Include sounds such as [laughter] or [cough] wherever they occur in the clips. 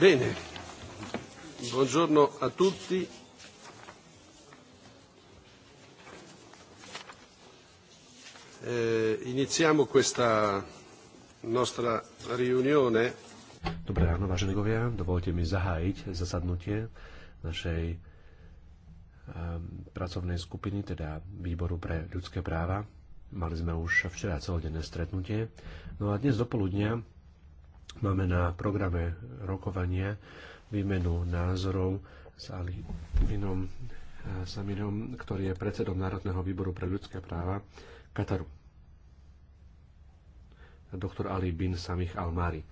Bene, buongiorno a tutti. Eh, iniziamo questa nostra riunione. Dobré ráno, vážení govia. Dovolte mi zahájiť zasadnutie našej ehm, pracovnej skupiny, teda výboru pre ľudské práva. Mali sme už včera celodenné stretnutie. No a dnes dopoludnia Máme na programe rokovania výmenu názorov s Alinom Saminom, eh, ktorý je predsedom Národného výboru pre ľudské práva Kataru. Doktor Ali bin Samich Almari.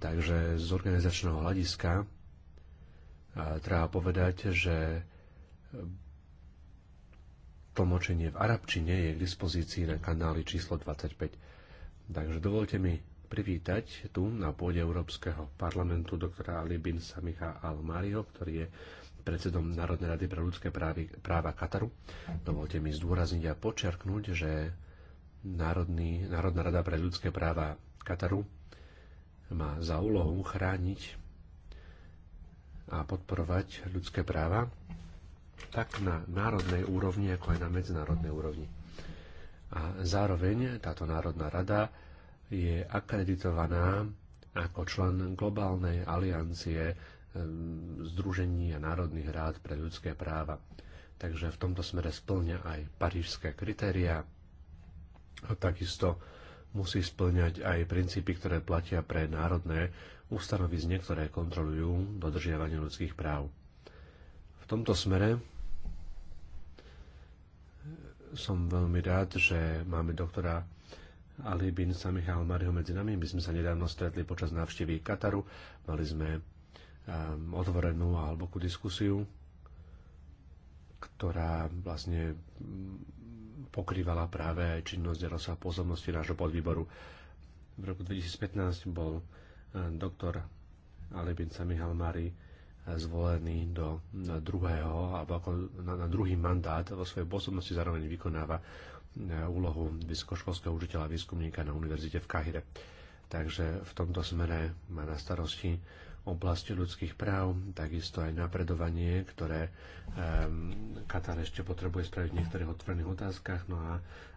Takže z organizačného hľadiska eh, treba povedať, že tlmočenie v arabčine je k dispozícii na kanáli číslo 25. Takže dovolte mi privítať tu na pôde Európskeho parlamentu doktora Libin Samiha Al-Mario, ktorý je predsedom Národnej rady pre ľudské právy, práva Kataru. Dovolte mi zdôrazniť a počerknúť, že Národný, Národná rada pre ľudské práva Kataru má za úlohu chrániť a podporovať ľudské práva tak na národnej úrovni, ako aj na medzinárodnej úrovni. A zároveň táto Národná rada je akreditovaná ako člen globálnej aliancie Združení a Národných rád pre ľudské práva. Takže v tomto smere splňa aj parížské kritéria a takisto musí splňať aj princípy, ktoré platia pre národné ustanovizne, ktoré kontrolujú dodržiavanie ľudských práv. V tomto smere som veľmi rád, že máme doktora Ali bin Samih Mariho medzi nami. My sme sa nedávno stretli počas návštevy Kataru. Mali sme um, otvorenú a hlbokú diskusiu, ktorá vlastne mm, pokrývala práve aj činnosť a rozsah pozornosti nášho podvýboru. V roku 2015 bol ehm, doktor Ali bin Samih al eh, zvolený do druhého, alebo ako na, na druhý mandát vo svojej pôsobnosti zároveň vykonáva úlohu vysokoškolského učiteľa a výskumníka na univerzite v Kahire. Takže v tomto smere má na starosti oblasť ľudských práv, takisto aj napredovanie, ktoré um, Katar ešte potrebuje spraviť v niektorých otvorených otázkach, no a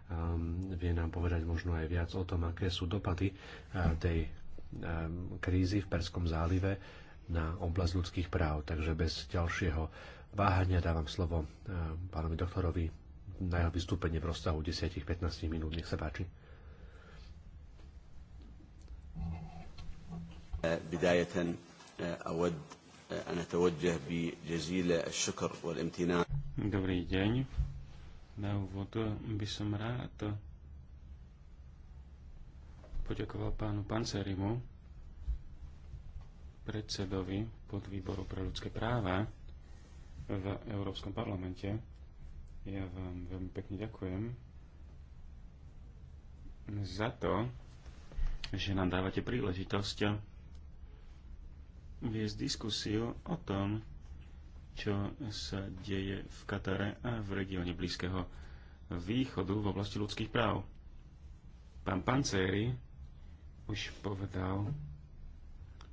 um, vie nám povedať možno aj viac o tom, aké sú dopady uh, tej um, krízy v Perskom zálive na oblasť ľudských práv. Takže bez ďalšieho váhania dávam slovo uh, pánovi doktorovi na jeho vystúpenie v rozsahu 10-15 minút. Nech sa páči. بداية أود أن أتوجه بجزيل الشكر والامتنان Dobrý deň. Na úvod by som rád poďakoval pánu Pancerimu, predsedovi podvýboru pre ľudské práva v Európskom parlamente, ja vám veľmi pekne ďakujem za to, že nám dávate príležitosť viesť diskusiu o tom, čo sa deje v Katare a v regióne Blízkeho východu v oblasti ľudských práv. Pán Pancéry už povedal,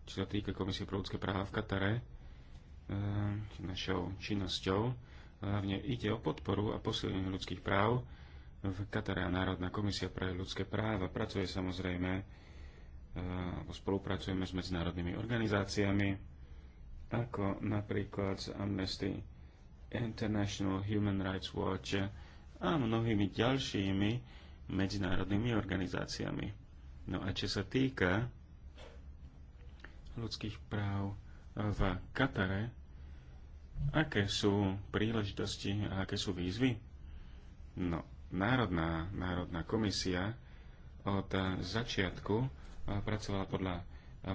čo sa týka Komisie pro ľudské práva v Katare, eh, našou činnosťou, Hlavne ide o podporu a posilnenie ľudských práv. V Katara Národná komisia pre ľudské práva pracuje samozrejme, e, spolupracujeme s medzinárodnými organizáciami, ako napríklad z Amnesty International Human Rights Watch a mnohými ďalšími medzinárodnými organizáciami. No a čo sa týka ľudských práv v Katare, Aké sú príležitosti a aké sú výzvy? No, Národná, Národná komisia od začiatku pracovala podľa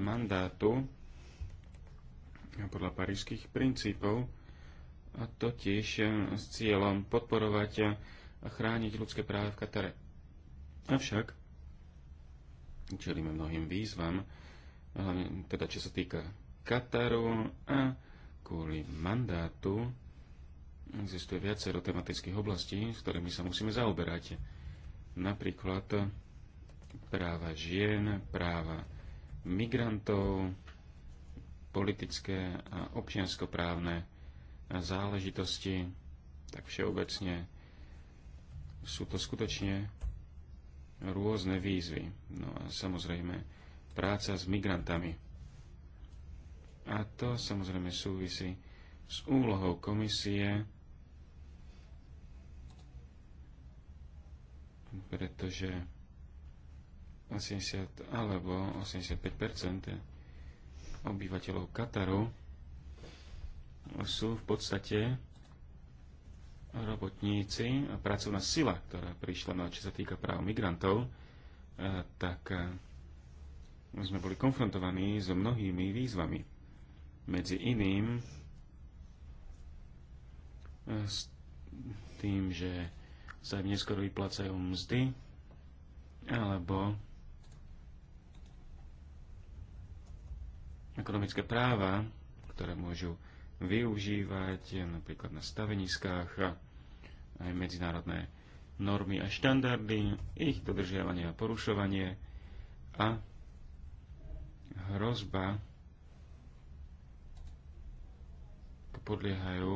mandátu podľa parížských princípov, a totiž s cieľom podporovať a chrániť ľudské práva v Katare. Avšak čelíme mnohým výzvam, hlavne teda čo sa týka Kataru a kvôli mandátu existuje viacero tematických oblastí, s ktorými sa musíme zaoberať. Napríklad práva žien, práva migrantov, politické a občianskoprávne záležitosti, tak všeobecne sú to skutočne rôzne výzvy. No a samozrejme práca s migrantami. A to samozrejme súvisí s úlohou komisie, pretože 80 alebo 85 obyvateľov Kataru sú v podstate robotníci a pracovná sila, ktorá prišla, na no čo sa týka práv migrantov, eh, tak eh, sme boli konfrontovaní s mnohými výzvami medzi iným eh, s tým, že sa im neskôr vyplácajú mzdy, alebo ekonomické práva, ktoré môžu využívať eh, napríklad na staveniskách, aj medzinárodné normy a štandardy, ich dodržiavanie a porušovanie a hrozba podliehajú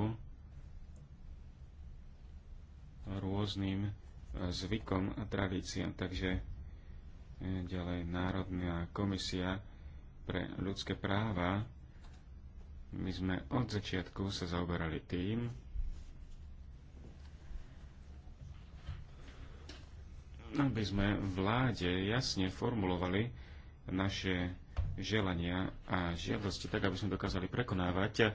rôznym e, zvykom a tradíciám. Takže e, ďalej Národná komisia pre ľudské práva. My sme od začiatku sa zaoberali tým, aby sme vláde jasne formulovali naše želania a žiadosti, tak aby sme dokázali prekonávať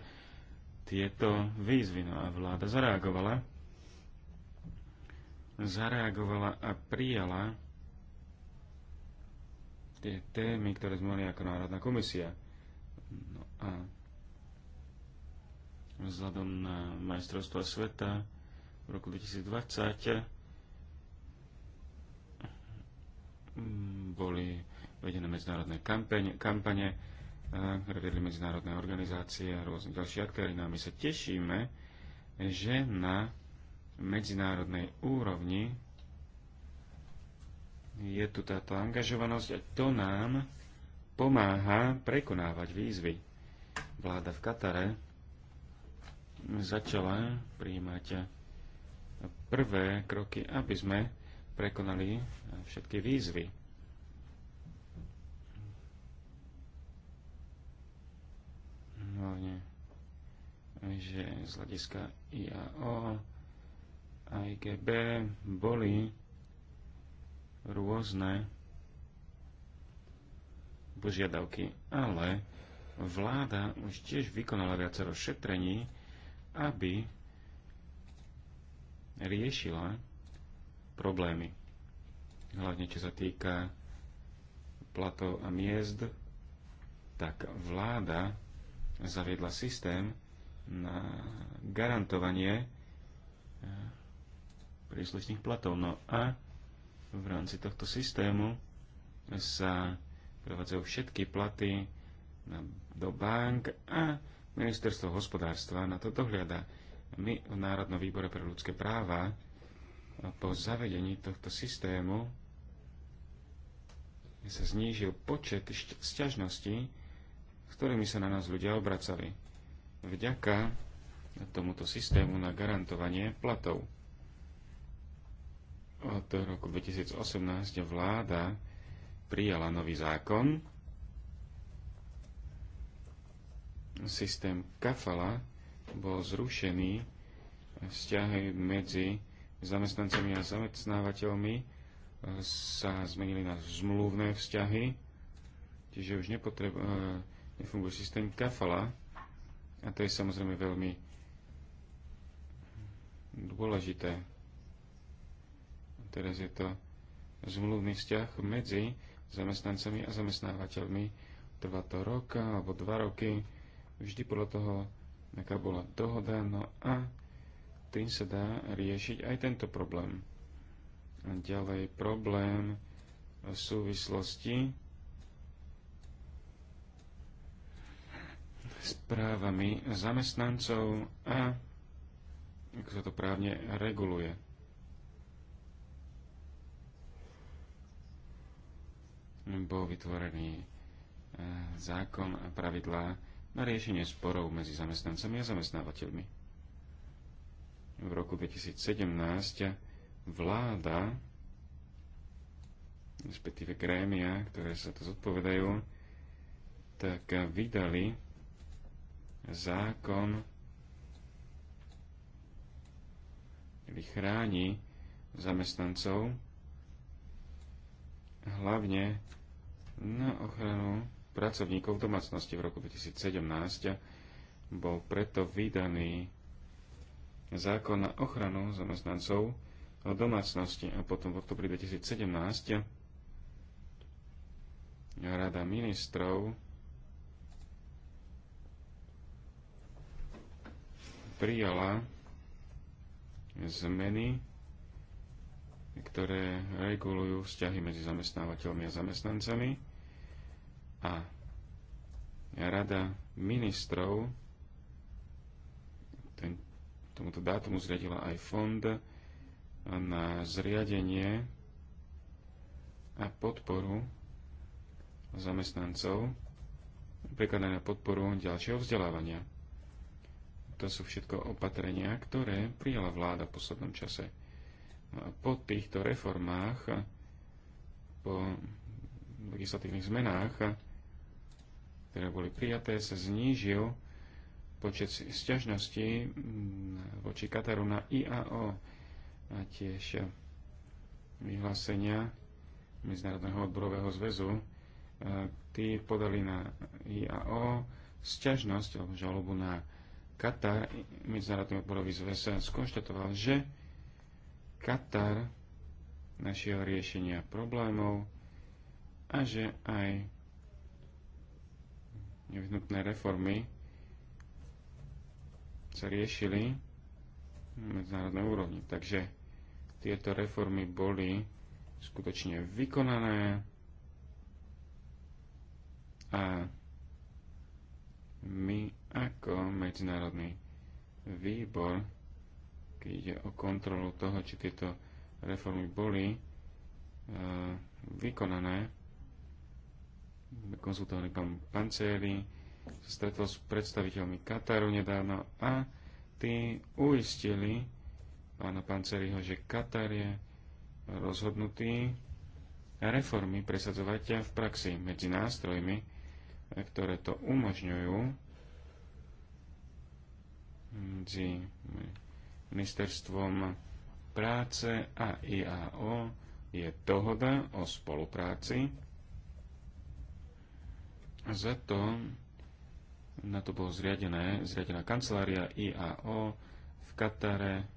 tieto výzvy. No a vláda zareagovala. Zareagovala a prijala tie témy, ktoré sme mali ako Národná komisia. No a vzhľadom na majstrovstvo sveta v roku 2020 mm, boli vedené medzinárodné kampane, kampane robili medzinárodné organizácie a rôzne ďalšie aktéry. No a my sa tešíme, že na medzinárodnej úrovni je tu táto angažovanosť a to nám pomáha prekonávať výzvy. Vláda v Katare začala prijímať prvé kroky, aby sme prekonali všetky výzvy. hlavne, že z hľadiska IAO a IGB boli rôzne požiadavky, ale vláda už tiež vykonala viacero šetrení, aby riešila problémy. Hlavne čo sa týka platov a miest, tak vláda zaviedla systém na garantovanie eh, príslušných platov. No a v rámci tohto systému sa prevádzajú všetky platy na, do bank a ministerstvo hospodárstva na to dohliada. My v Národnom výbore pre ľudské práva po zavedení tohto systému sa znížil počet sťažností s ktorými sa na nás ľudia obracali. Vďaka tomuto systému na garantovanie platov. Od roku 2018 vláda prijala nový zákon, systém kafala bol zrušený vzťahy medzi zamestnancami a zamestnávateľmi sa zmenili na zmluvné vzťahy, čiže už nepotreb, nefunguje systém kafala a to je samozrejme veľmi dôležité. Teraz je to zmluvný vzťah medzi zamestnancami a zamestnávateľmi. Trvá to rok alebo dva roky, vždy podľa toho, aká bola dohoda, no a tým sa dá riešiť aj tento problém. A ďalej problém v súvislosti s právami zamestnancov a ako sa to právne reguluje. Bol vytvorený e, zákon a pravidlá na riešenie sporov medzi zamestnancami a zamestnávateľmi. V roku 2017 vláda, respektíve grémia, ktoré sa to zodpovedajú, tak vydali zákon, ktorý chráni zamestnancov hlavne na ochranu pracovníkov v domácnosti v roku 2017 bol preto vydaný zákon na ochranu zamestnancov v domácnosti a potom v oktobri 2017 Rada ministrov prijala zmeny, ktoré regulujú vzťahy medzi zamestnávateľmi a zamestnancami a Rada ministrov ten, tomuto dátumu zriadila aj fond na zriadenie a podporu zamestnancov, prekladané na podporu ďalšieho vzdelávania. To sú všetko opatrenia, ktoré prijala vláda v poslednom čase. No po týchto reformách, po legislatívnych zmenách, ktoré boli prijaté, sa znížil počet sťažností voči Kataru na IAO a tiež vyhlásenia Medzinárodného odborového zväzu. Tí podali na IAO sťažnosť alebo žalobu na Katar, Medzinárodný odborový zväz, skonštatoval, že Katar našiel riešenia problémov a že aj nevyhnutné reformy sa riešili na medzinárodnej úrovni. Takže tieto reformy boli skutočne vykonané a my ako medzinárodný výbor, keď ide o kontrolu toho, či tieto reformy boli e, vykonané. Konzultovaný pán Pancéry sa stretol s predstaviteľmi Kataru nedávno a tí uistili pána Panceriho, že Katar je rozhodnutý reformy presadzovať v praxi medzi nástrojmi, ktoré to umožňujú medzi ministerstvom práce a IAO je dohoda o spolupráci. A za to na to bolo zriadené, zriadená kancelária IAO v Katare,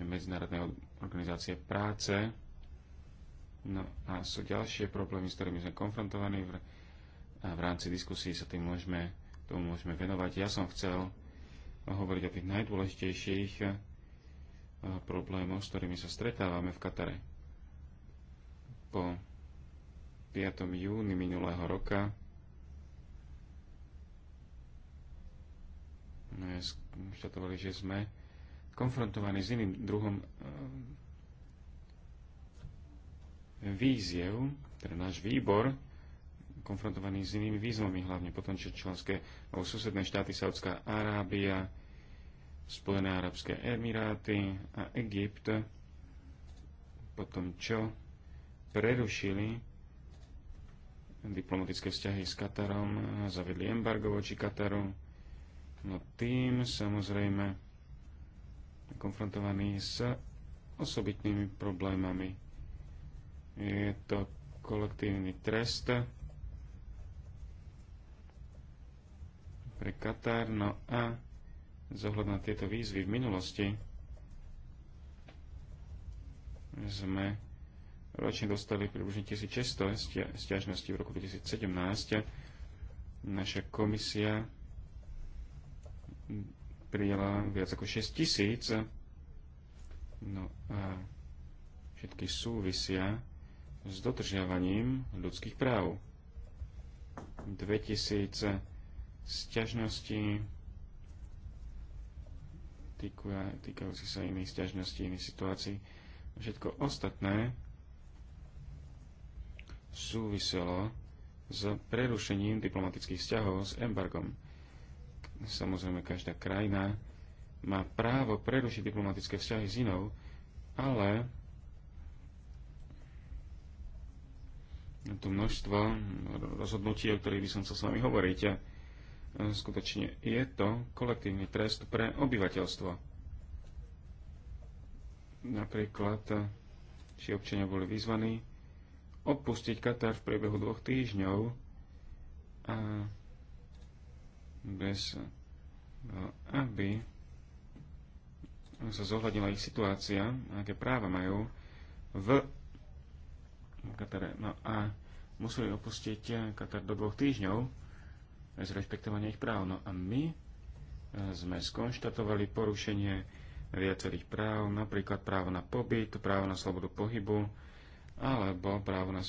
Medzinárodné organizácie práce. No a sú ďalšie problémy, s ktorými sme konfrontovaní v, a v rámci diskusí sa tým môžeme tomu môžeme venovať. Ja som chcel hovoriť o tých najdôležitejších eh, problémoch, s ktorými sa stretávame v Katare. Po 5. júni minulého roka no, štatovali, že sme konfrontovaní s iným druhom eh, víziev, teda náš výbor konfrontovaní s inými výzvami, hlavne potom, čo členské alebo susedné štáty Saudská Arábia, Spojené Arabské Emiráty a Egypt potom čo prerušili diplomatické vzťahy s Katarom, zavedli embargo voči Kataru. No tým samozrejme konfrontovaní s osobitnými problémami. Je to kolektívny trest, pre Katar. No a zohľad na tieto výzvy v minulosti sme ročne dostali približne 1600 stiažností v roku 2017. Naša komisia prijala viac ako 6000. No a všetky súvisia s dodržiavaním ľudských práv. 2000 sťažnosti týkajúci sa iných sťažností, iných situácií. Všetko ostatné súviselo s prerušením diplomatických vzťahov s embargom. Samozrejme, každá krajina má právo prerušiť diplomatické vzťahy s inou, ale to množstvo rozhodnutí, o ktorých by som chcel s vami hovoriť skutočne je to kolektívny trest pre obyvateľstvo. Napríklad, či eh, občania boli vyzvaní opustiť Katar v priebehu dvoch týždňov a bez eh, aby sa zohľadila ich situácia, aké práva majú v Katare. No a museli opustiť eh, Katar do dvoch týždňov z rešpektovania ich práv. No a my e, sme skonštatovali porušenie viacerých práv, napríklad právo na pobyt, právo na slobodu pohybu alebo právo na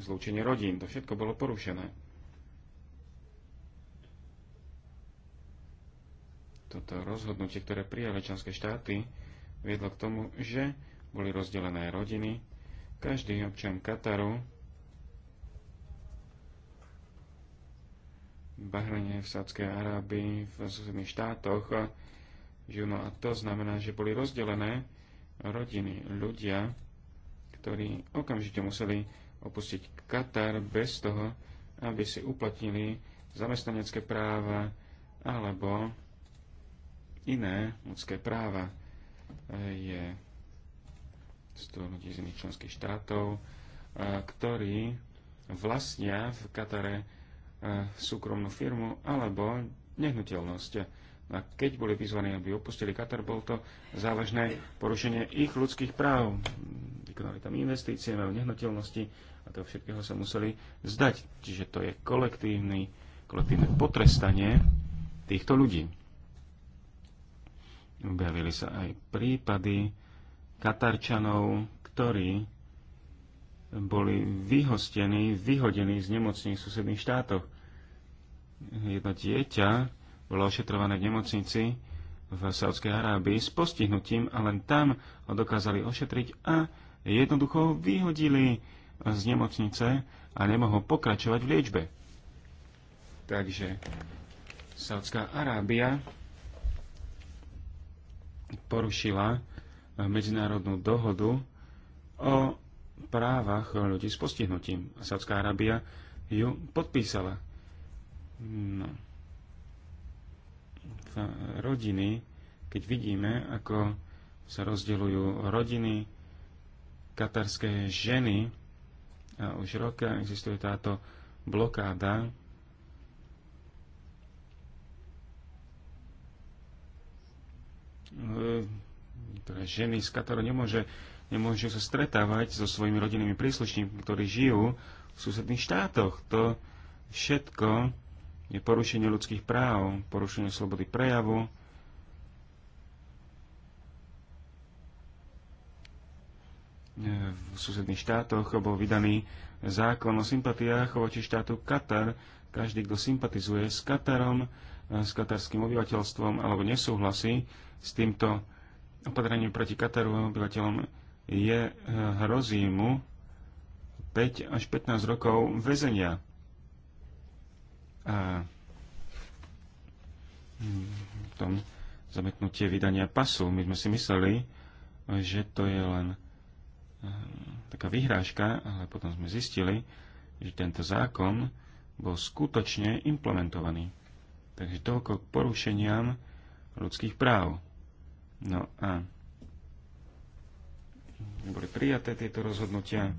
zlúčenie rodín. To všetko bolo porušené. Toto rozhodnutie, ktoré prijali členské štáty, viedlo k tomu, že boli rozdelené rodiny. Každý občan Kataru Bahrane, v Sádskej Arábii, v susedných štátoch žijú. No a to znamená, že boli rozdelené rodiny, ľudia, ktorí okamžite museli opustiť Katar bez toho, aby si uplatnili zamestnanecké práva alebo iné ľudské práva. Je 100 ľudí z iných členských štátov, eh, ktorí vlastnia v Katare E, súkromnú firmu alebo nehnuteľnosť. A keď boli vyzvaní, aby opustili Katar, bol to závažné porušenie ich ľudských práv. Vykonali tam investície, majú nehnuteľnosti a toho všetkého sa museli zdať. Čiže to je kolektívny, kolektívne potrestanie týchto ľudí. Objavili sa aj prípady Katarčanov, ktorí boli vyhostení, vyhodení z nemocných susedných štátoch. Jedno dieťa bolo ošetrované v nemocnici v Saudskej Arábii s postihnutím a len tam ho dokázali ošetriť a jednoducho ho vyhodili z nemocnice a nemohol pokračovať v liečbe. Takže Saudská Arábia porušila medzinárodnú dohodu o právach ľudí s postihnutím. A Sádzka Arábia ju podpísala. No. V rodiny, keď vidíme, ako sa rozdeľujú rodiny, katarské ženy, a už roka existuje táto blokáda, ktoré e, teda ženy z Kataru nemôže Nemôže sa stretávať so svojimi rodinnými príslušníkmi, ktorí žijú v susedných štátoch. To všetko je porušenie ľudských práv, porušenie slobody prejavu. V susedných štátoch bol vydaný zákon o sympatiách voči štátu Katar. Každý, kto sympatizuje s Katarom, s katarským obyvateľstvom alebo nesúhlasí s týmto opatrením proti Kataru a obyvateľom je, eh, hrozí mu 5 až 15 rokov väzenia. A hm, v tom zametnutie vydania pasu. My sme si mysleli, že to je len eh, taká vyhrážka, ale potom sme zistili, že tento zákon bol skutočne implementovaný. Takže toľko k porušeniam ľudských práv. No a boli prijaté tieto rozhodnutia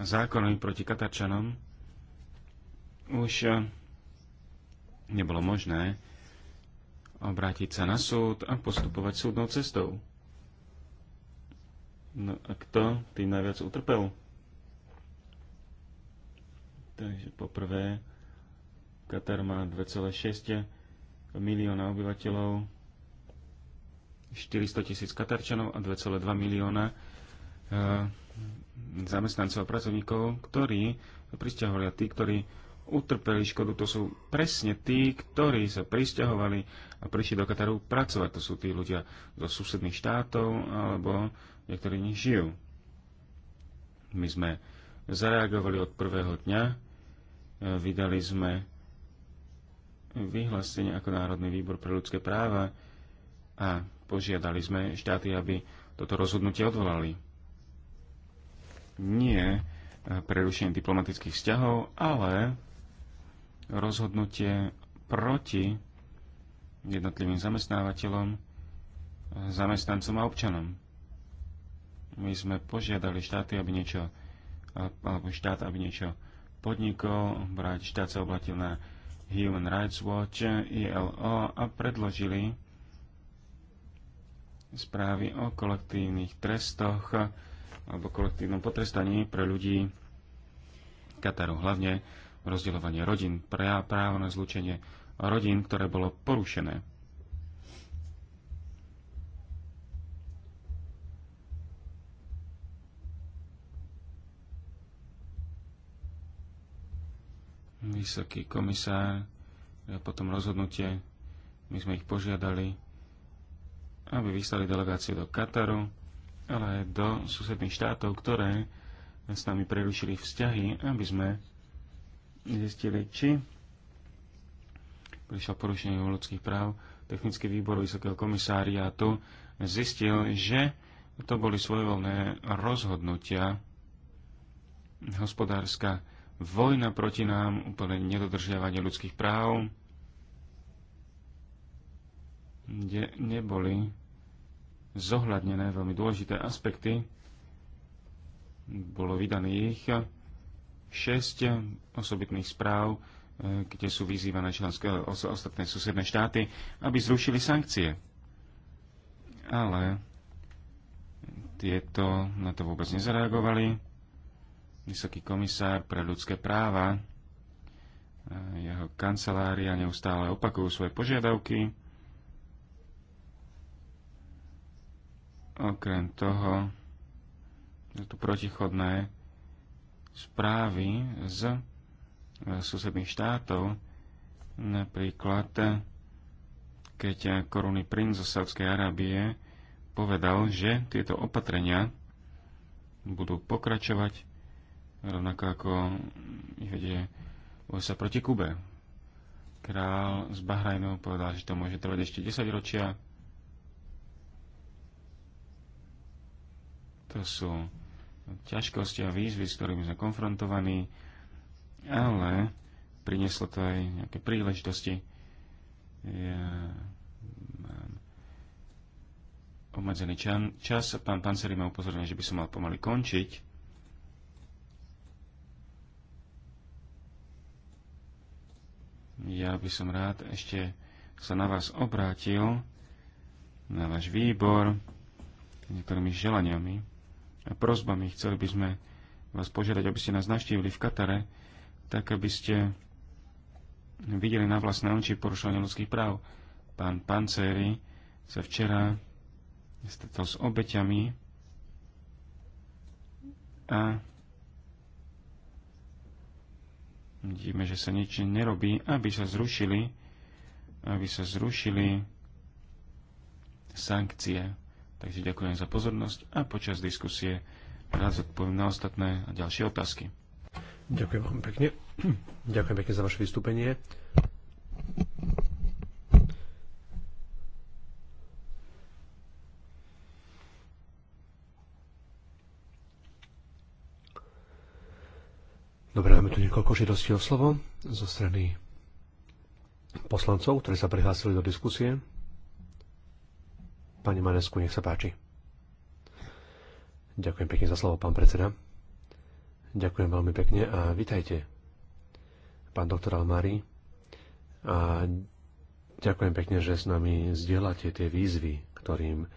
Zákonom proti Katarčanom už eh, nebolo možné obrátiť sa na súd a postupovať súdnou cestou. No a kto tým najviac utrpel? Takže poprvé, Katar má 2,6 milióna obyvateľov, 400 tisíc Katarčanov a 2,2 milióna e, zamestnancov a pracovníkov, ktorí pristahovali a tí, ktorí utrpeli škodu, to sú presne tí, ktorí sa pristahovali a prišli do Kataru pracovať. To sú tí ľudia zo susedných štátov alebo niektorí nich žijú. My sme zareagovali od prvého dňa, e, vydali sme vyhlásenie ako Národný výbor pre ľudské práva a Požiadali sme štáty, aby toto rozhodnutie odvolali. Nie eh, prerušenie diplomatických vzťahov, ale rozhodnutie proti jednotlivým zamestnávateľom, eh, zamestnancom a občanom. My sme požiadali štáty, aby niečo, eh, alebo štát, aby niečo podnikol, brať štát sa oblatil na Human Rights Watch, ILO a predložili správy o kolektívnych trestoch alebo kolektívnom potrestaní pre ľudí Kataru, hlavne rozdeľovanie rodín, právo na zlučenie rodín, ktoré bolo porušené. Vysoký komisár, potom rozhodnutie, my sme ich požiadali, aby vyslali delegáciu do Kataru, ale aj do susedných štátov, ktoré s nami prerušili vzťahy, aby sme zistili, či prišlo porušenie ľudských práv. Technický výbor Vysokého komisáriátu zistil, že to boli svojvoľné rozhodnutia. Hospodárska vojna proti nám, úplne nedodržiavanie ľudských práv, kde neboli zohľadnené veľmi dôležité aspekty. Bolo vydaných 6 osobitných správ, e, kde sú vyzývané členské, ostatné susedné štáty, aby zrušili sankcie. Ale tieto na to vôbec nezareagovali. Vysoký komisár pre ľudské práva, jeho kancelária neustále opakujú svoje požiadavky Okrem toho sú tu protichodné správy z e, susedných štátov, napríklad e, keď e, korunný princ zo Sávskej Arábie povedal, že tieto opatrenia budú pokračovať rovnako ako ich vedie USA proti Kube. Král z Bahrajnu povedal, že to môže trvať ešte 10 ročia, To sú ťažkosti a výzvy, s ktorými sme konfrontovaní, ale prinieslo to aj nejaké príležitosti. Ja mám obmedzený čas čas. Pán Panceri ma upozornil, že by som mal pomaly končiť. Ja by som rád ešte sa na vás obrátil, na váš výbor, niektorými želaniami prozbami. Chceli by sme vás požiadať, aby ste nás navštívili v Katare, tak aby ste videli na vlastné oči porušovanie ľudských práv. Pán Pancéry sa včera stretol s obeťami a vidíme, že sa nič nerobí, aby sa zrušili aby sa zrušili sankcie. Takže ďakujem za pozornosť a počas diskusie rád zodpoviem na ostatné a ďalšie otázky. Ďakujem vám pekne. [clears throat] Ďakujem pekne za vaše vystúpenie. Dobre, máme tu niekoľko žiadostí o slovo zo strany poslancov, ktorí sa prihlásili do diskusie. Pani Manesku, nech sa páči. Ďakujem pekne za slovo, pán predseda. Ďakujem veľmi pekne a vitajte, pán doktor Almári. A ďakujem pekne, že s nami zdieľate tie výzvy, ktorým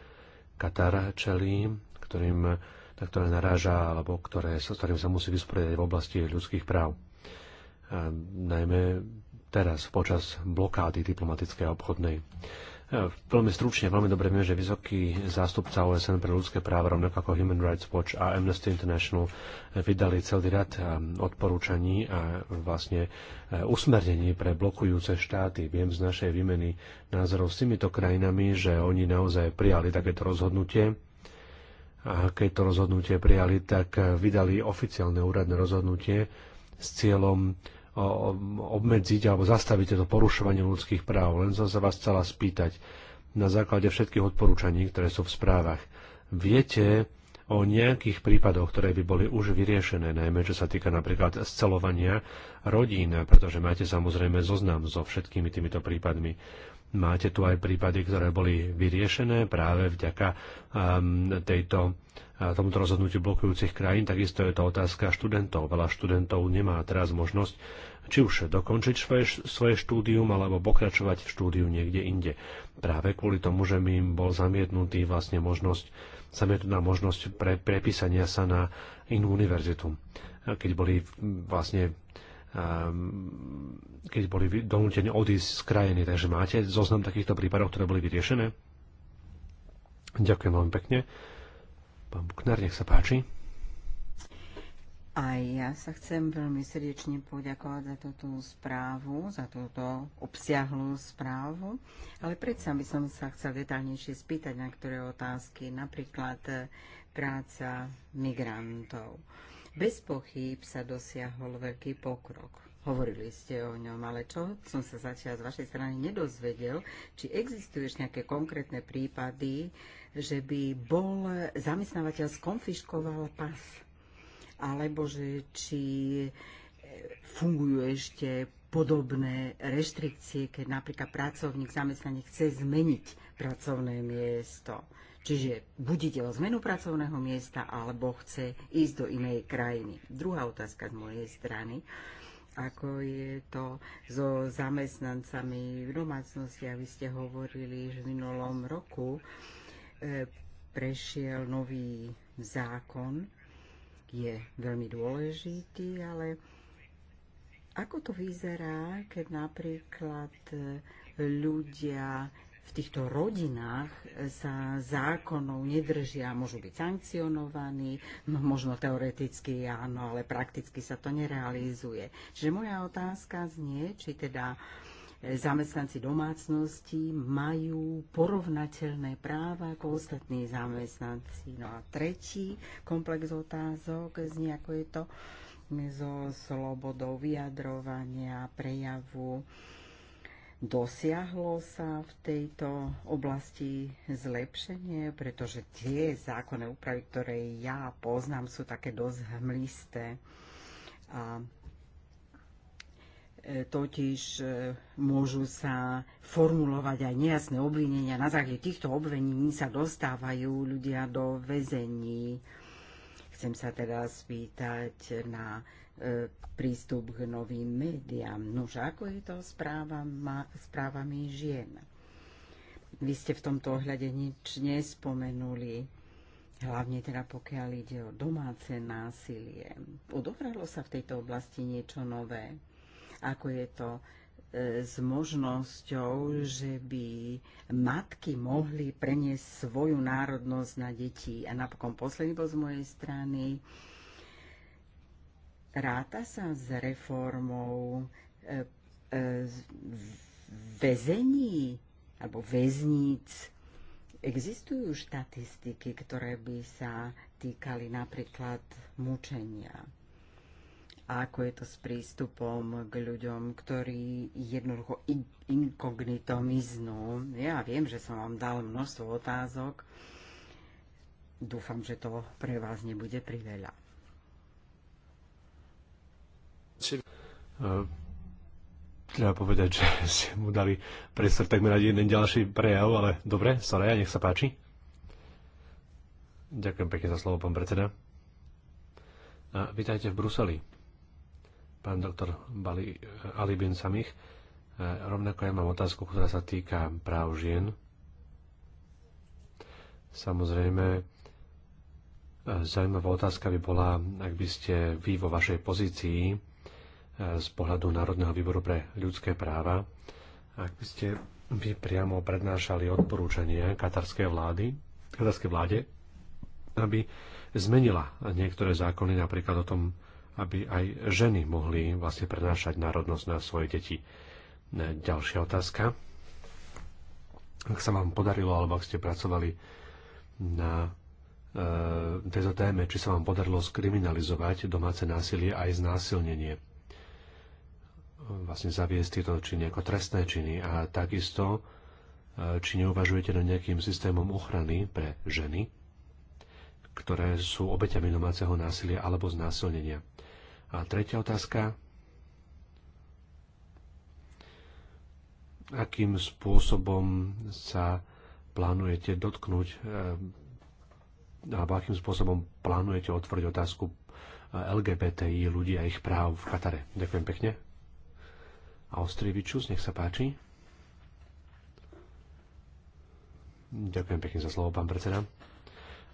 Katar čelí, ktorým, na ktoré naráža alebo ktoré, s ktorým sa musí vysporiadať v oblasti ľudských práv. A najmä teraz, počas blokády diplomatickej a obchodnej. Veľmi stručne, veľmi dobre viem, že vysoký zástupca OSN pre ľudské práva, rovnako ako Human Rights Watch a Amnesty International, eh, vydali celý rad eh, odporúčaní a vlastne eh, usmernení pre blokujúce štáty. Viem z našej výmeny názorov s týmito krajinami, že oni naozaj prijali takéto rozhodnutie. A keď to rozhodnutie prijali, tak vydali oficiálne úradné rozhodnutie s cieľom obmedziť alebo zastaviť toto porušovanie ľudských práv. Len som sa vás chcela spýtať na základe všetkých odporúčaní, ktoré sú v správach. Viete o nejakých prípadoch, ktoré by boli už vyriešené, najmä čo sa týka napríklad scelovania rodín, pretože máte samozrejme zoznam so všetkými týmito prípadmi. Máte tu aj prípady, ktoré boli vyriešené práve vďaka ehm, tejto, tomuto rozhodnutiu blokujúcich krajín. Takisto je to otázka študentov. Veľa študentov nemá teraz možnosť či už dokončiť svoje, svoje štúdium alebo pokračovať v štúdiu niekde inde. Práve kvôli tomu, že mi im bol zamietnutý vlastne možnosť, zamietnutá možnosť pre, prepísania sa na inú univerzitu. Keď boli vlastne ehm, keď boli donútení odísť z krajiny. Takže máte zoznam takýchto prípadov, ktoré boli vyriešené? Ďakujem veľmi pekne. Pán Buknár, nech sa páči. Aj ja sa chcem veľmi srdečne poďakovať za túto správu, za túto obsiahlú správu, ale predsa by som sa chcel detálnejšie spýtať na ktoré otázky, napríklad e, práca migrantov. Bez pochyb sa dosiahol veľký pokrok Hovorili ste o ňom, ale čo som sa zatiaľ z vašej strany nedozvedel, či existuješ nejaké konkrétne prípady, že by bol zamestnávateľ skonfiškoval pas, alebo že či e, fungujú ešte podobné reštrikcie, keď napríklad pracovník, zamestnaní chce zmeniť pracovné miesto. Čiže budíte o zmenu pracovného miesta alebo chce ísť do inej krajiny. Druhá otázka z mojej strany. Uh, ako je to so zamestnancami v domácnosti. A vy ste hovorili, že v minulom roku e, prešiel nový zákon, je veľmi dôležitý, ale ako to vyzerá, keď napríklad e, ľudia v týchto rodinách sa zákonov nedržia, môžu byť sankcionovaní, no možno teoreticky áno, ale prakticky sa to nerealizuje. Čiže moja otázka znie, či teda e, zamestnanci domácnosti majú porovnateľné práva ako ostatní zamestnanci. No a tretí komplex otázok znie, ako je to so slobodou vyjadrovania, prejavu Dosiahlo sa v tejto oblasti zlepšenie, pretože tie zákonné úpravy, ktoré ja poznám, sú také dosť hmlisté. A e, totiž e, môžu sa formulovať aj nejasné obvinenia. Na základe týchto obvinení sa dostávajú ľudia do väzení. Chcem sa teda spýtať na E, prístup k novým médiám. Nož ako je to s právama, s právami žien? Vy ste v tomto ohľade nič nespomenuli, hlavne teda pokiaľ ide o domáce násilie. Odohralo sa v tejto oblasti niečo nové? Ako je to e, s možnosťou, že by matky mohli preniesť svoju národnosť na deti. A napokon posledný bol z mojej strany ráta sa s reformou e, e, väzení alebo väzníc. Existujú štatistiky, ktoré by sa týkali napríklad mučenia. A ako je to s prístupom k ľuďom, ktorí jednoducho inkognito miznú. Ja viem, že som vám dal množstvo otázok. Dúfam, že to pre vás nebude priveľa. Treba povedať, že [laughs] si mu dali priestor takmer na jeden ďalší prejav, ale dobre, Soraya, nech sa páči. Ďakujem pekne za slovo, pán predseda. A vítajte v Bruseli, pán doktor Bali, eh, Ali Bin Samich. Eh, rovnako ja mám otázku, ktorá sa týka práv žien. Samozrejme, eh, zaujímavá otázka by bola, ak by ste vy vo vašej pozícii z pohľadu Národného výboru pre ľudské práva. Ak by ste vy priamo prednášali odporúčanie katarskej vlády, katarskej vláde, aby zmenila niektoré zákony, napríklad o tom, aby aj ženy mohli vlastne prenášať národnosť na svoje deti. Ďalšia otázka. Ak sa vám podarilo, alebo ak ste pracovali na e, tejto téme, či sa vám podarilo skriminalizovať domáce násilie aj znásilnenie vlastne zaviesť tieto činy ako trestné činy a takisto, e, či neuvažujete nad nejakým systémom ochrany pre ženy, ktoré sú obeťami domáceho násilia alebo znásilnenia. A tretia otázka. Akým spôsobom sa plánujete dotknúť e, alebo akým spôsobom plánujete otvoriť otázku e, LGBTI ľudí a ich práv v Katare? Ďakujem pekne. Austrivičus, nech sa páči. Ďakujem pekne za slovo, pán predseda.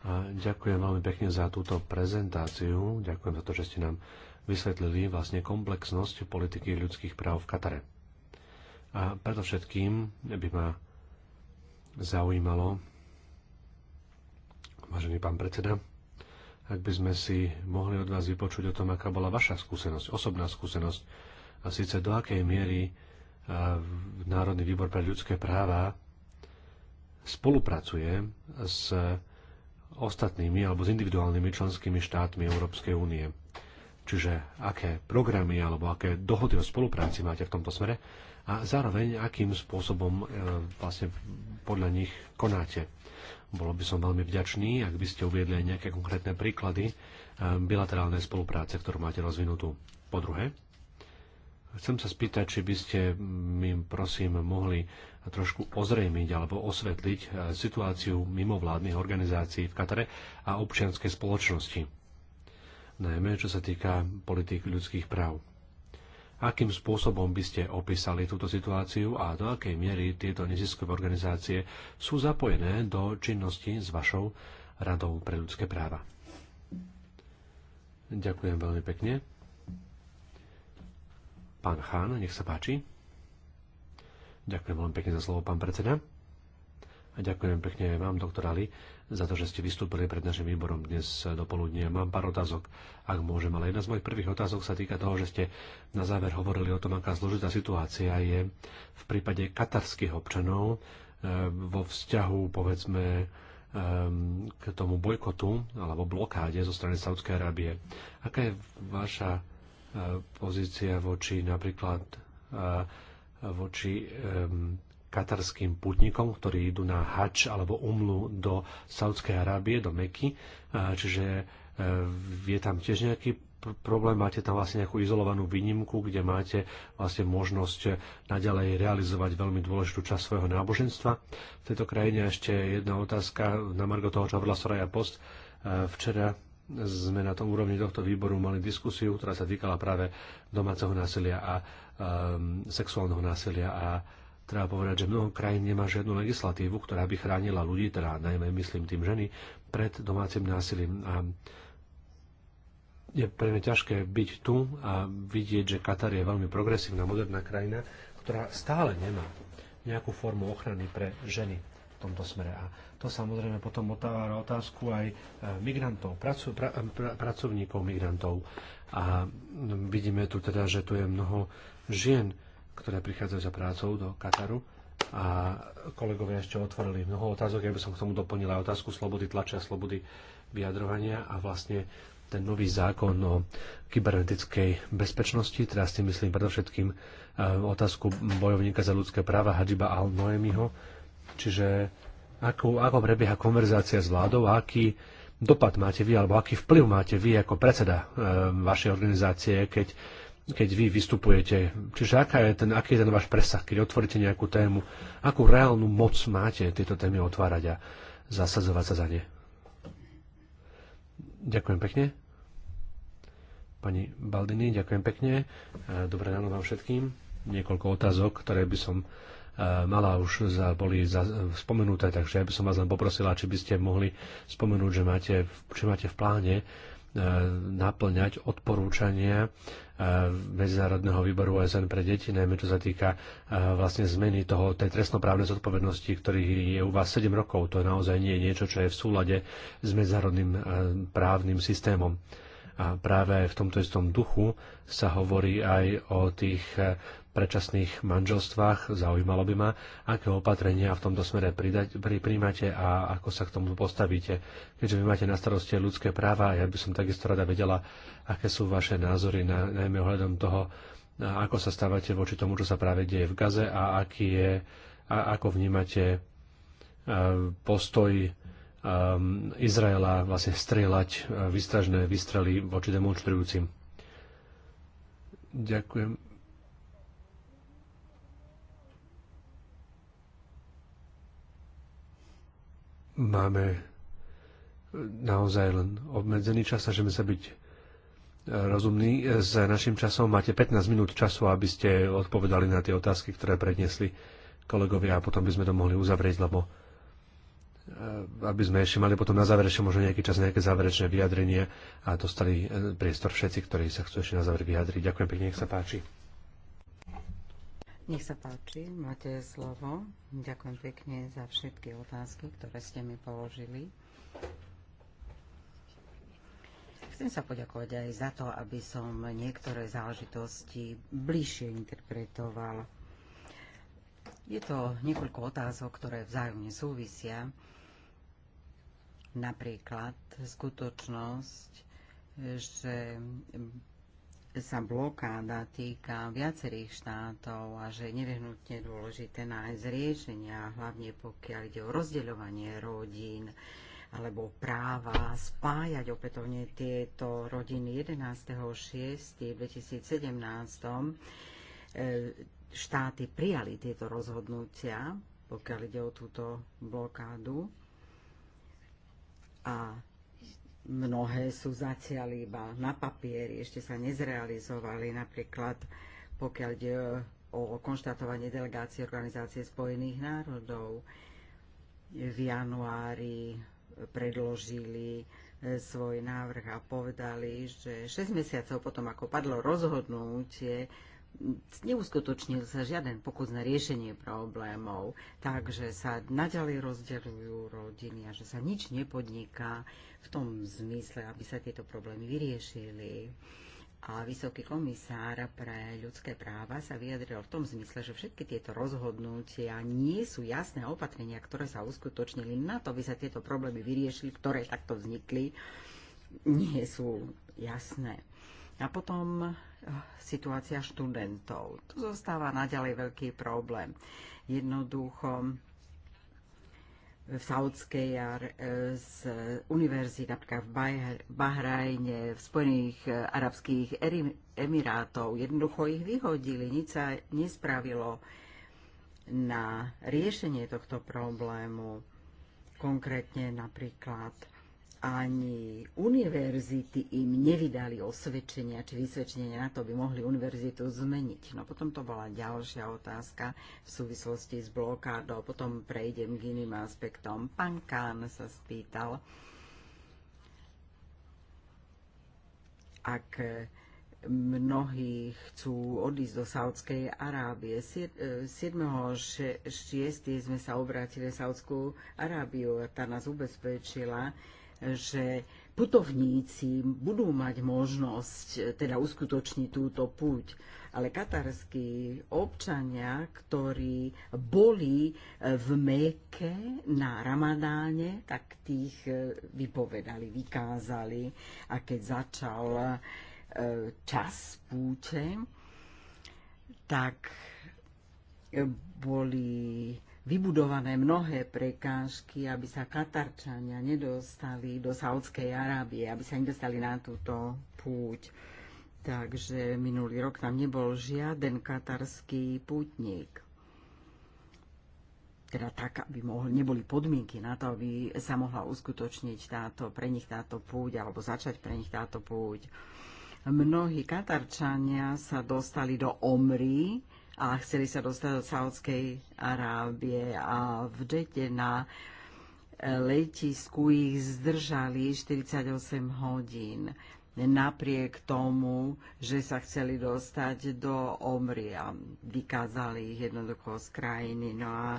A ďakujem veľmi pekne za túto prezentáciu. Ďakujem za to, že ste nám vysvetlili vlastne komplexnosť politiky ľudských práv v Katare. A predovšetkým by ma zaujímalo, vážený pán predseda, ak by sme si mohli od vás vypočuť o tom, aká bola vaša skúsenosť, osobná skúsenosť a síce do akej miery e, Národný výbor pre ľudské práva spolupracuje s ostatnými alebo s individuálnymi členskými štátmi Európskej únie. Čiže aké programy alebo aké dohody o spolupráci máte v tomto smere a zároveň akým spôsobom e, vlastne podľa nich konáte. Bolo by som veľmi vďačný, ak by ste uviedli aj nejaké konkrétne príklady e, bilaterálnej spolupráce, ktorú máte rozvinutú. Po druhé, Chcem sa spýtať, či by ste mi prosím mohli trošku ozrejmiť alebo osvetliť eh, situáciu mimovládnych organizácií v Katare a občianskej spoločnosti, najmä čo sa týka politik ľudských práv. Akým spôsobom by ste opísali túto situáciu a do akej miery tieto neziskové organizácie sú zapojené do činnosti s vašou Radou pre ľudské práva? Ďakujem veľmi pekne. Pán Chán, nech sa páči. Ďakujem veľmi pekne za slovo, pán predseda. A ďakujem pekne aj vám, doktor Ali, za to, že ste vystúpili pred našim výborom dnes do poludnia. Mám pár otázok, ak môžem, ale jedna z mojich prvých otázok sa týka toho, že ste na záver hovorili o tom, aká zložitá situácia je v prípade katarských občanov eh, vo vzťahu, povedzme, ehm, k tomu bojkotu alebo blokáde zo strany Saudskej Arábie. Aká je vaša pozícia voči napríklad e, voči katarským putnikom, ktorí idú na hač alebo umlu do Saudskej Arábie, do Meky. E, čiže e, je tam tiež nejaký problém, máte tam vlastne nejakú izolovanú výnimku, kde máte vlastne možnosť naďalej realizovať veľmi dôležitú časť svojho náboženstva. V tejto krajine ešte jedna otázka na Margo toho, čo hovorila Soraya Post. Včera sme na tom úrovni tohto výboru mali diskusiu, ktorá sa týkala práve domáceho násilia a um, sexuálneho násilia a treba povedať, že mnoho krajín nemá žiadnu legislatívu, ktorá by chránila ľudí, teda najmä myslím tým ženy, pred domácim násilím. A je pre mňa ťažké byť tu a vidieť, že Katar je veľmi progresívna, moderná krajina, ktorá stále nemá nejakú formu ochrany pre ženy tomto smere. A to samozrejme potom otáva otázku aj e, migrantov, pracu, pra, e, pra, pracovníkov migrantov. A vidíme tu teda, že tu je mnoho žien, ktoré prichádzajú za prácou do Kataru a kolegovia ešte otvorili mnoho otázok. Ja by som k tomu doplnila otázku slobody tlače a slobody vyjadrovania a vlastne ten nový zákon o kybernetickej bezpečnosti, teraz si myslím predovšetkým e, otázku bojovníka za ľudské práva Hadžiba al-Noemiho, Čiže ako, ako prebieha konverzácia s vládou aký dopad máte vy, alebo aký vplyv máte vy ako predseda e, vašej organizácie, keď, keď vy vystupujete. Čiže aká je ten, aký je ten váš presah, keď otvoríte nejakú tému, akú reálnu moc máte tieto témy otvárať a zasadzovať sa za ne. Ďakujem pekne. Pani Baldini, ďakujem pekne. E, dobré ráno vám všetkým. Niekoľko otázok, ktoré by som mala už za, boli za, spomenuté, takže ja by som vás len poprosila, či by ste mohli spomenúť, že máte, či máte v pláne e, naplňať odporúčania e, Medzinárodného výboru OSN pre deti, najmä čo sa týka e, vlastne zmeny toho, tej trestnoprávnej zodpovednosti, ktorý je u vás 7 rokov. To je naozaj nie niečo, čo je v súlade s medzinárodným právnym systémom. A práve v tomto istom duchu sa hovorí aj o tých eh, predčasných manželstvách. Zaujímalo by ma, aké opatrenia v tomto smere pridať, príjmate a ako sa k tomu postavíte. Keďže vy máte na starosti ľudské práva, ja by som takisto rada vedela, aké sú vaše názory, na, najmä ohľadom toho, eh, ako sa stávate voči tomu, čo sa práve deje v Gaze a, aký je, a ako vnímate eh, postoj um, Izraela vlastne strieľať uh, výstražné výstrely voči demonstrujúcim. Ďakujem. Máme uh, naozaj len obmedzený čas, snažíme sa byť uh, rozumní. S našim časom máte 15 minút času, aby ste odpovedali na tie otázky, ktoré predniesli kolegovia a potom by sme to mohli uzavrieť, lebo E, aby sme ešte mali potom na záver ešte možno nejaký čas nejaké záverečné vyjadrenie a dostali e, priestor všetci, ktorí sa chcú ešte na záver vyjadriť. Ďakujem pekne, nech sa páči. Nech sa páči, máte slovo. Ďakujem pekne za všetky otázky, ktoré ste mi položili. Chcem sa poďakovať aj za to, aby som niektoré záležitosti bližšie interpretoval. Je to niekoľko otázok, ktoré vzájomne súvisia Napríklad skutočnosť, že sa blokáda týka viacerých štátov a že je nevyhnutne dôležité nájsť riešenia, hlavne pokiaľ ide o rozdeľovanie rodín alebo práva spájať opätovne tieto rodiny 11.6.2017 e, štáty prijali tieto rozhodnutia, pokiaľ ide o túto blokádu a mnohé sú zatiaľ iba na papieri, ešte sa nezrealizovali, napríklad pokiaľ ide o konštatovanie delegácie Organizácie spojených národov. V januári predložili e, svoj návrh a povedali, že 6 mesiacov potom, ako padlo rozhodnutie, neuskutočnil sa žiaden pokus na riešenie problémov, takže sa naďalej rozdeľujú rodiny a že sa nič nepodniká v tom zmysle, aby sa tieto problémy vyriešili. A vysoký komisár pre ľudské práva sa vyjadril v tom zmysle, že všetky tieto rozhodnutia nie sú jasné opatrenia, ktoré sa uskutočnili na to, aby sa tieto problémy vyriešili, ktoré takto vznikli, nie sú jasné. A potom situácia študentov. Tu zostáva naďalej veľký problém. Jednoducho v Saudskej e, z univerzít, napríklad v Bahrajne, v Spojených e, arabských emirátov. Jednoducho ich vyhodili, nič sa nespravilo na riešenie tohto problému. Konkrétne napríklad ani univerzity im nevydali osvedčenia či vysvedčenia na to, by mohli univerzitu zmeniť. No potom to bola ďalšia otázka v súvislosti s blokádou. Potom prejdem k iným aspektom. Pán Kán sa spýtal, ak mnohí chcú odísť do Saudskej Arábie. 7.6. sme sa obrátili v Saudskú Arábiu a tá nás ubezpečila, že putovníci budú mať možnosť e, teda uskutočniť túto púť, ale katarskí občania, ktorí boli e, v Meke na Ramadáne, tak tých e, vypovedali, vykázali a keď začal čas púte, tak boli vybudované mnohé prekážky, aby sa Katarčania nedostali do Saudskej Arábie, aby sa nedostali na túto púť. Takže minulý rok tam nebol žiaden katarský pútnik. Teda tak, aby mohol, neboli podmienky na to, aby sa mohla uskutočniť táto, pre nich táto púť, alebo začať pre nich táto púť. Mnohí Katarčania sa dostali do Omry, a chceli sa dostať do Saudskej Arábie a v Džete na e, letisku ich zdržali 48 hodín napriek tomu, že sa chceli dostať do a Vykázali ich jednoducho z krajiny. No a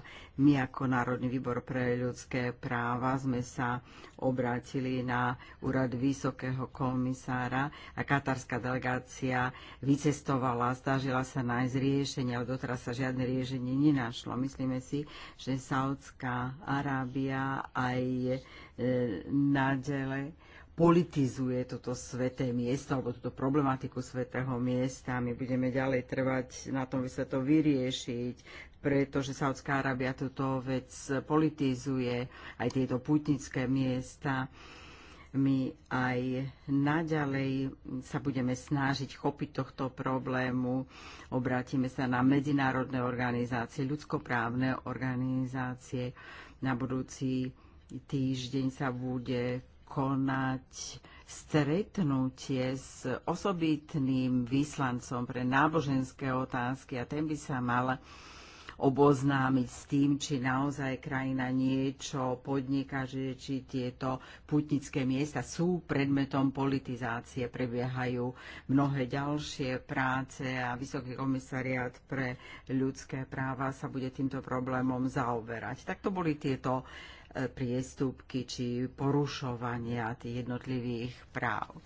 my ako Národný výbor pre ľudské práva sme sa obrátili na úrad Vysokého komisára a katarská delegácia vycestovala, snažila sa nájsť riešenie, ale doteraz sa žiadne riešenie nenašlo. Myslíme si, že Saudská Arábia aj e, nadele politizuje toto sveté miesto alebo túto problematiku svetého miesta. My budeme ďalej trvať na tom, aby sa to vyriešiť, pretože Saudská Arábia túto vec politizuje, aj tieto putnické miesta. My aj naďalej sa budeme snažiť chopiť tohto problému. Obrátime sa na medzinárodné organizácie, ľudskoprávne organizácie. Na budúci týždeň sa bude konať stretnutie s osobitným vyslancom pre náboženské otázky a ten by sa mal oboznámiť s tým, či naozaj krajina niečo podniká, že či tieto putnické miesta sú predmetom politizácie. Prebiehajú mnohé ďalšie práce a Vysoký komisariát pre ľudské práva sa bude týmto problémom zaoberať. Tak to boli tieto priestupky či porušovania tých jednotlivých práv.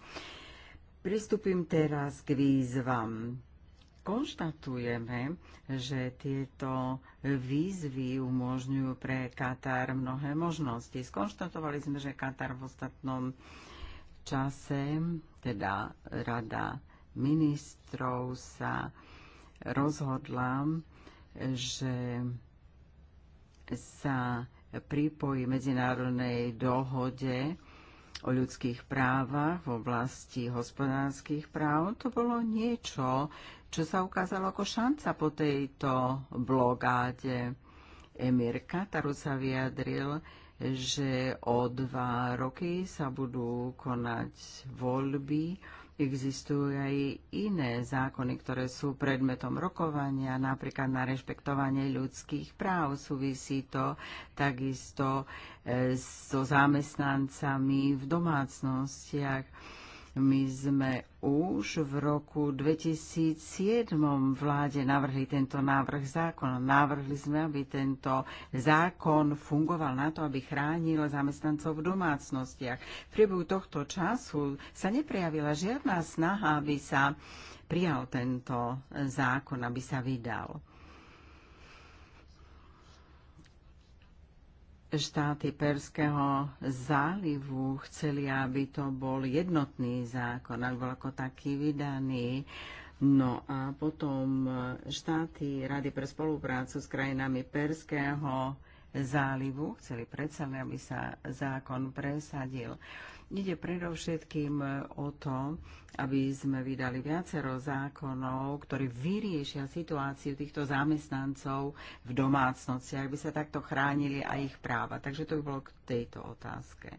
Pristúpim teraz k výzvam. Konštatujeme, že tieto výzvy umožňujú pre Katar mnohé možnosti. Skonštatovali sme, že Katar v ostatnom čase, teda rada ministrov sa rozhodla, že sa pripojí medzinárodnej dohode o ľudských právach v oblasti hospodárskych práv. To bolo niečo, čo sa ukázalo ako šanca po tejto blogáde. Emir Kataru sa vyjadril, že o dva roky sa budú konať voľby Existujú aj iné zákony, ktoré sú predmetom rokovania, napríklad na rešpektovanie ľudských práv. Súvisí to takisto eh, so zamestnancami v domácnostiach my sme už v roku 2007 vláde navrhli tento návrh zákona. Navrhli sme, aby tento zákon fungoval na to, aby chránil zamestnancov v domácnostiach. V priebehu tohto času sa neprejavila žiadna snaha, aby sa prijal tento zákon, aby sa vydal. štáty Perského zálivu chceli, aby to bol jednotný zákon, alebo ako taký vydaný. No a potom štáty Rady pre spoluprácu s krajinami Perského zálivu chceli predsa, aby sa zákon presadil. Ide predovšetkým e, o to, aby sme vydali viacero zákonov, ktorí vyriešia situáciu týchto zamestnancov v domácnostiach, aby sa takto chránili aj ich práva. Takže to by bolo k tejto otázke.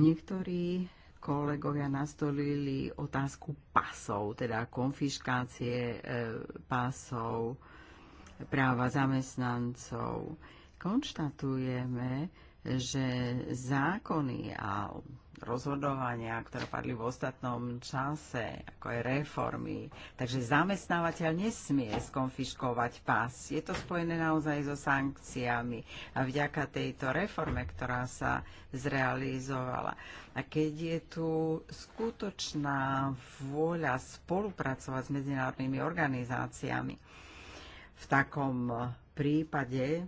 Niektorí kolegovia nastolili otázku pasov, teda konfiškácie e, pasov, práva zamestnancov. Konštatujeme, že zákony a rozhodovania, ktoré padli v ostatnom čase, ako aj reformy. Takže zamestnávateľ nesmie skonfiškovať pás. Je to spojené naozaj so sankciami a vďaka tejto reforme, ktorá sa zrealizovala. A keď je tu skutočná vôľa spolupracovať s medzinárodnými organizáciami, v takom prípade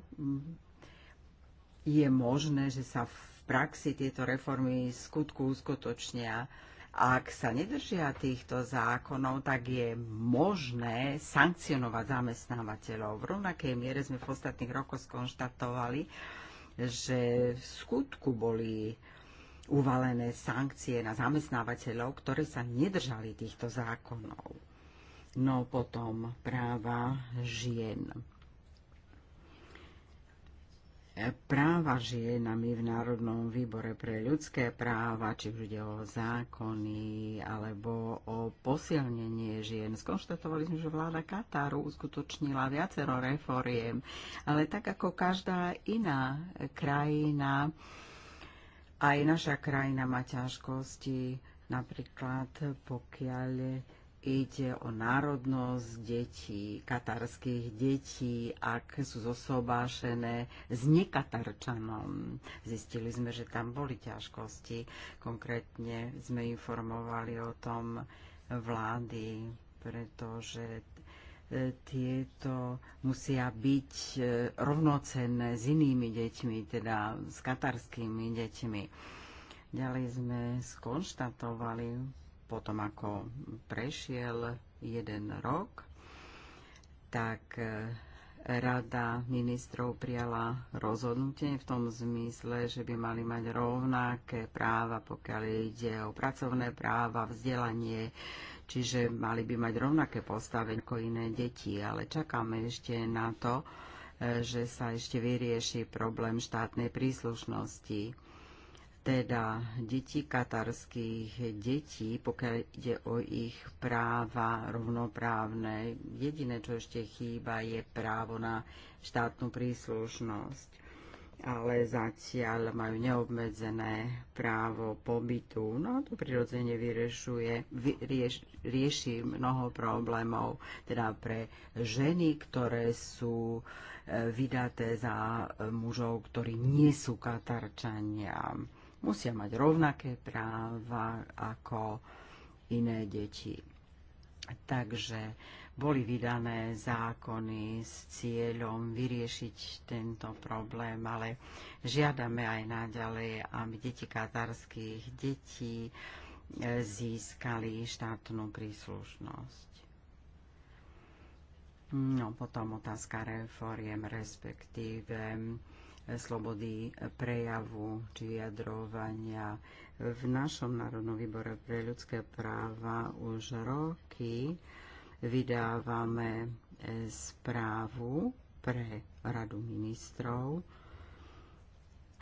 je možné, že sa v praxi tieto reformy skutku uskutočnia. Ak sa nedržia týchto zákonov, tak je možné sankcionovať zamestnávateľov. V rovnakej miere sme v ostatných rokoch skonštatovali, že v skutku boli uvalené sankcie na zamestnávateľov, ktorí sa nedržali týchto zákonov. No potom práva žien práva žienami v Národnom výbore pre ľudské práva, či už ide o zákony alebo o posilnenie žien. Skonštatovali sme, že vláda Kataru uskutočnila viacero reforiem, ale tak ako každá iná krajina, aj naša krajina má ťažkosti, napríklad pokiaľ ide o národnosť detí, katarských detí, ak sú zosobášené s nekatarčanom. Zistili sme, že tam boli ťažkosti. Konkrétne sme informovali o tom vlády, pretože e, tieto musia byť e, rovnocenné s inými deťmi, teda s katarskými deťmi. Ďalej sme skonštatovali potom ako prešiel jeden rok, tak e, Rada ministrov prijala rozhodnutie v tom zmysle, že by mali mať rovnaké práva, pokiaľ ide o pracovné práva, vzdelanie, čiže mali by mať rovnaké postavenie ako iné deti. Ale čakáme ešte na to, e, že sa ešte vyrieši problém štátnej príslušnosti teda detí katarských detí, pokiaľ ide o ich práva rovnoprávne. Jediné, čo ešte chýba, je právo na štátnu príslušnosť ale zatiaľ majú neobmedzené právo pobytu. No a to prirodzene vyriešuje, vyrieš, rieši mnoho problémov, teda pre ženy, ktoré sú e, vydaté za e, mužov, ktorí nie sú katarčania musia mať rovnaké práva ako iné deti. Takže boli vydané zákony s cieľom vyriešiť tento problém, ale žiadame aj naďalej, aby deti katarských detí e, získali štátnu príslušnosť. No potom otázka reforiem, respektíve slobody prejavu či vyjadrovania. V našom Národnom výbore pre ľudské práva už roky vydávame e, správu pre Radu ministrov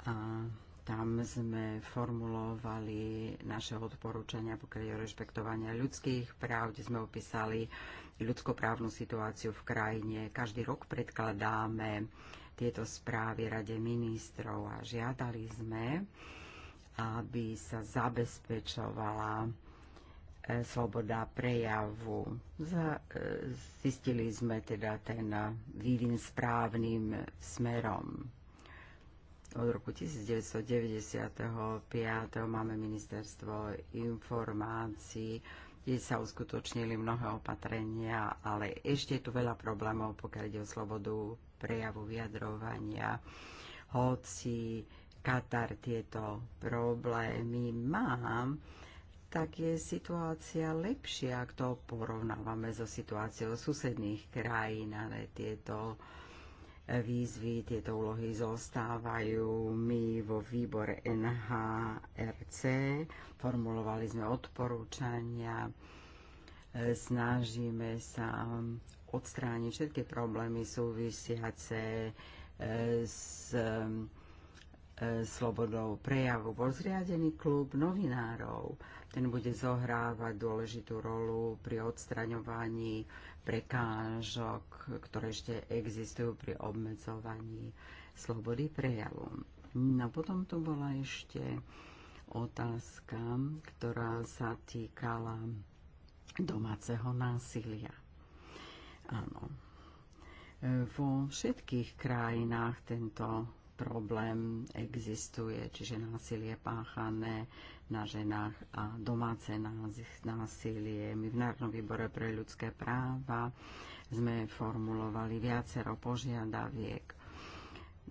a tam sme formulovali naše odporúčania, pokiaľ je rešpektovania ľudských práv, kde sme opísali ľudskoprávnu situáciu v krajine. Každý rok predkladáme tieto správy Rade ministrov a žiadali sme, aby sa zabezpečovala e, sloboda prejavu. E, zistili sme teda ten vývin správnym smerom. Od roku 1995 máme ministerstvo informácií, kde sa uskutočnili mnohé opatrenia, ale ešte je tu veľa problémov, pokiaľ ide o slobodu prejavu vyjadrovania. Hoci Katar tieto problémy má, tak je situácia lepšia, ak to porovnávame so situáciou susedných krajín, ale tieto výzvy, tieto úlohy zostávajú. My vo výbore NHRC formulovali sme odporúčania, snažíme sa odstrániť všetky problémy súvisiace eh, s eh, slobodou prejavu. Bol zriadený klub novinárov. Ten bude zohrávať dôležitú rolu pri odstraňovaní prekážok, ktoré ešte existujú pri obmedzovaní slobody prejavu. No potom tu bola ešte otázka, ktorá sa týkala domáceho násilia. Áno. Vo všetkých krajinách tento problém existuje, čiže násilie páchané na ženách a domáce násilie. My v Národnom výbore pre ľudské práva sme formulovali viacero požiadaviek.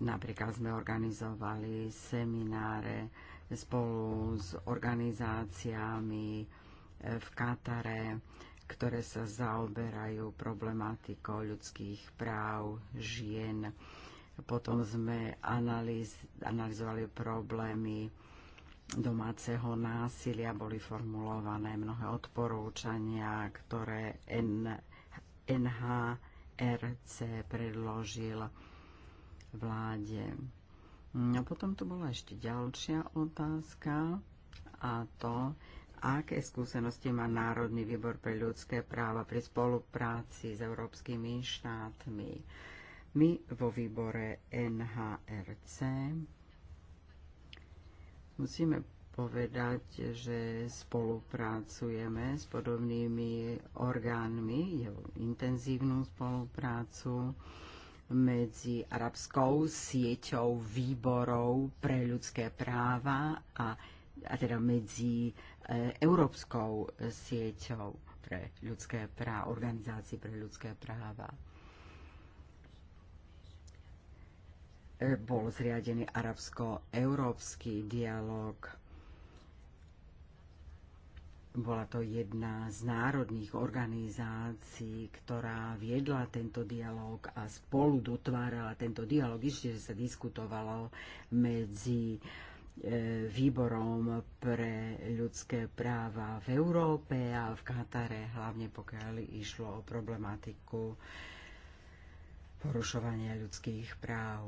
Napríklad sme organizovali semináre spolu s organizáciami eh, v Katare, ktoré sa zaoberajú problematikou ľudských práv žien potom sme analýz, analyzovali problémy domáceho násilia, boli formulované mnohé odporúčania, ktoré N, NHRC predložil vláde. No potom tu bola ešte ďalšia otázka a to, aké skúsenosti má Národný výbor pre ľudské práva pri spolupráci s európskymi štátmi. My vo výbore NHRC musíme povedať, že spolupracujeme s podobnými orgánmi, je intenzívnu spoluprácu medzi arabskou sieťou výborov pre ľudské práva a, a teda medzi e, európskou sieťou pre ľudské práva, organizácií pre ľudské práva. bol zriadený arabsko-európsky dialog. Bola to jedna z národných organizácií, ktorá viedla tento dialog a spolu dotvárala tento dialog. Ešte, že sa diskutovalo medzi e, výborom pre ľudské práva v Európe a v Katare, hlavne pokiaľ išlo o problematiku porušovania ľudských práv.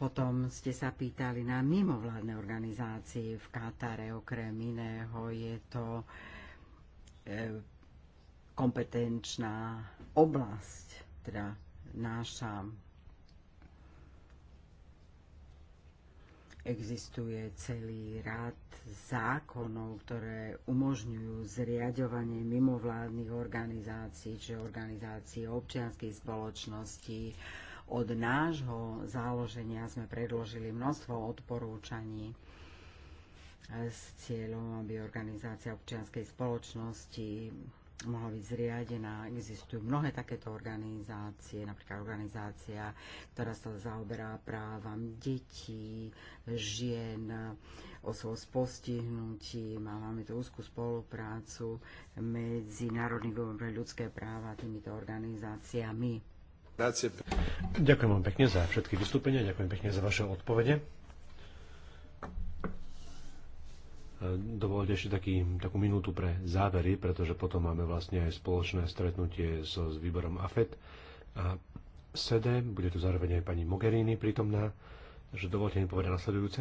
Potom ste sa pýtali na mimovládne organizácie v Katare, okrem iného je to e, kompetenčná oblasť, teda náša Existuje celý rad zákonov, ktoré umožňujú zriadovanie mimovládnych organizácií, čiže organizácií občianskej spoločnosti. Od nášho záloženia sme predložili množstvo odporúčaní s cieľom, aby organizácia občianskej spoločnosti mohla byť zriadená. Existujú mnohé takéto organizácie, napríklad organizácia, ktorá sa zaoberá právam detí, žien, osôb s postihnutím a máme tu úzkú spoluprácu medzi Národným výborom pre ľudské práva a týmito organizáciami. Ďakujem vám pekne za všetky vystúpenia, ďakujem pekne za vaše odpovede. Dovolte ešte taký, takú minútu pre závery, pretože potom máme vlastne aj spoločné stretnutie so s výborom AFED. a SEDE, bude tu zároveň aj pani Mogherini prítomná, takže dovolte mi povedať nasledujúce.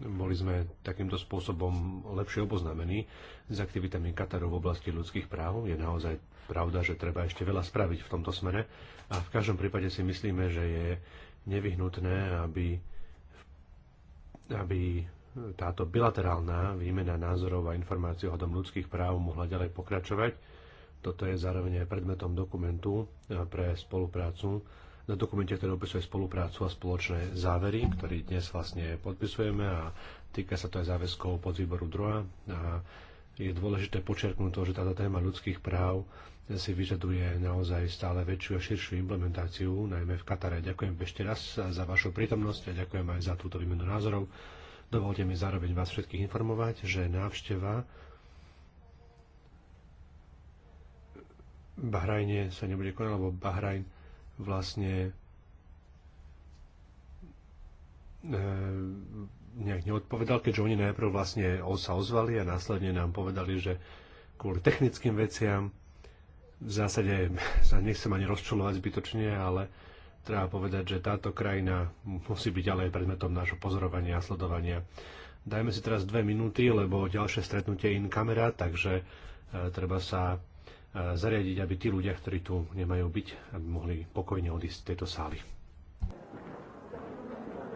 Boli sme takýmto spôsobom lepšie oboznámení s aktivitami Kataru v oblasti ľudských práv. Je naozaj pravda, že treba ešte veľa spraviť v tomto smere a v každom prípade si myslíme, že je nevyhnutné, aby aby táto bilaterálna výmena názorov a informácií o hodom ľudských práv mohla ďalej pokračovať. Toto je zároveň aj predmetom dokumentu e, pre spoluprácu. Na dokumente, ktorý opisuje spoluprácu a spoločné závery, ktorý dnes vlastne podpisujeme a týka sa to aj záväzkov podvýboru druhá je dôležité počerknúť to, že táto téma ľudských práv si vyžaduje naozaj stále väčšiu a širšiu implementáciu, najmä v Katare. Ďakujem ešte raz za vašu prítomnosť a ďakujem aj za túto výmenu názorov. Dovolte mi zároveň vás všetkých informovať, že návšteva Bahrajne sa nebude konať, lebo Bahrajn vlastne e, nejak neodpovedal, keďže oni najprv vlastne sa ozvali a následne nám povedali, že kvôli technickým veciam v zásade sa nechcem ani rozčulovať zbytočne, ale treba povedať, že táto krajina musí byť ale aj predmetom nášho pozorovania a sledovania. Dajme si teraz dve minúty, lebo ďalšie stretnutie in kamera, takže e, treba sa e, zariadiť, aby tí ľudia, ktorí tu nemajú byť, aby mohli pokojne odísť z tejto sály.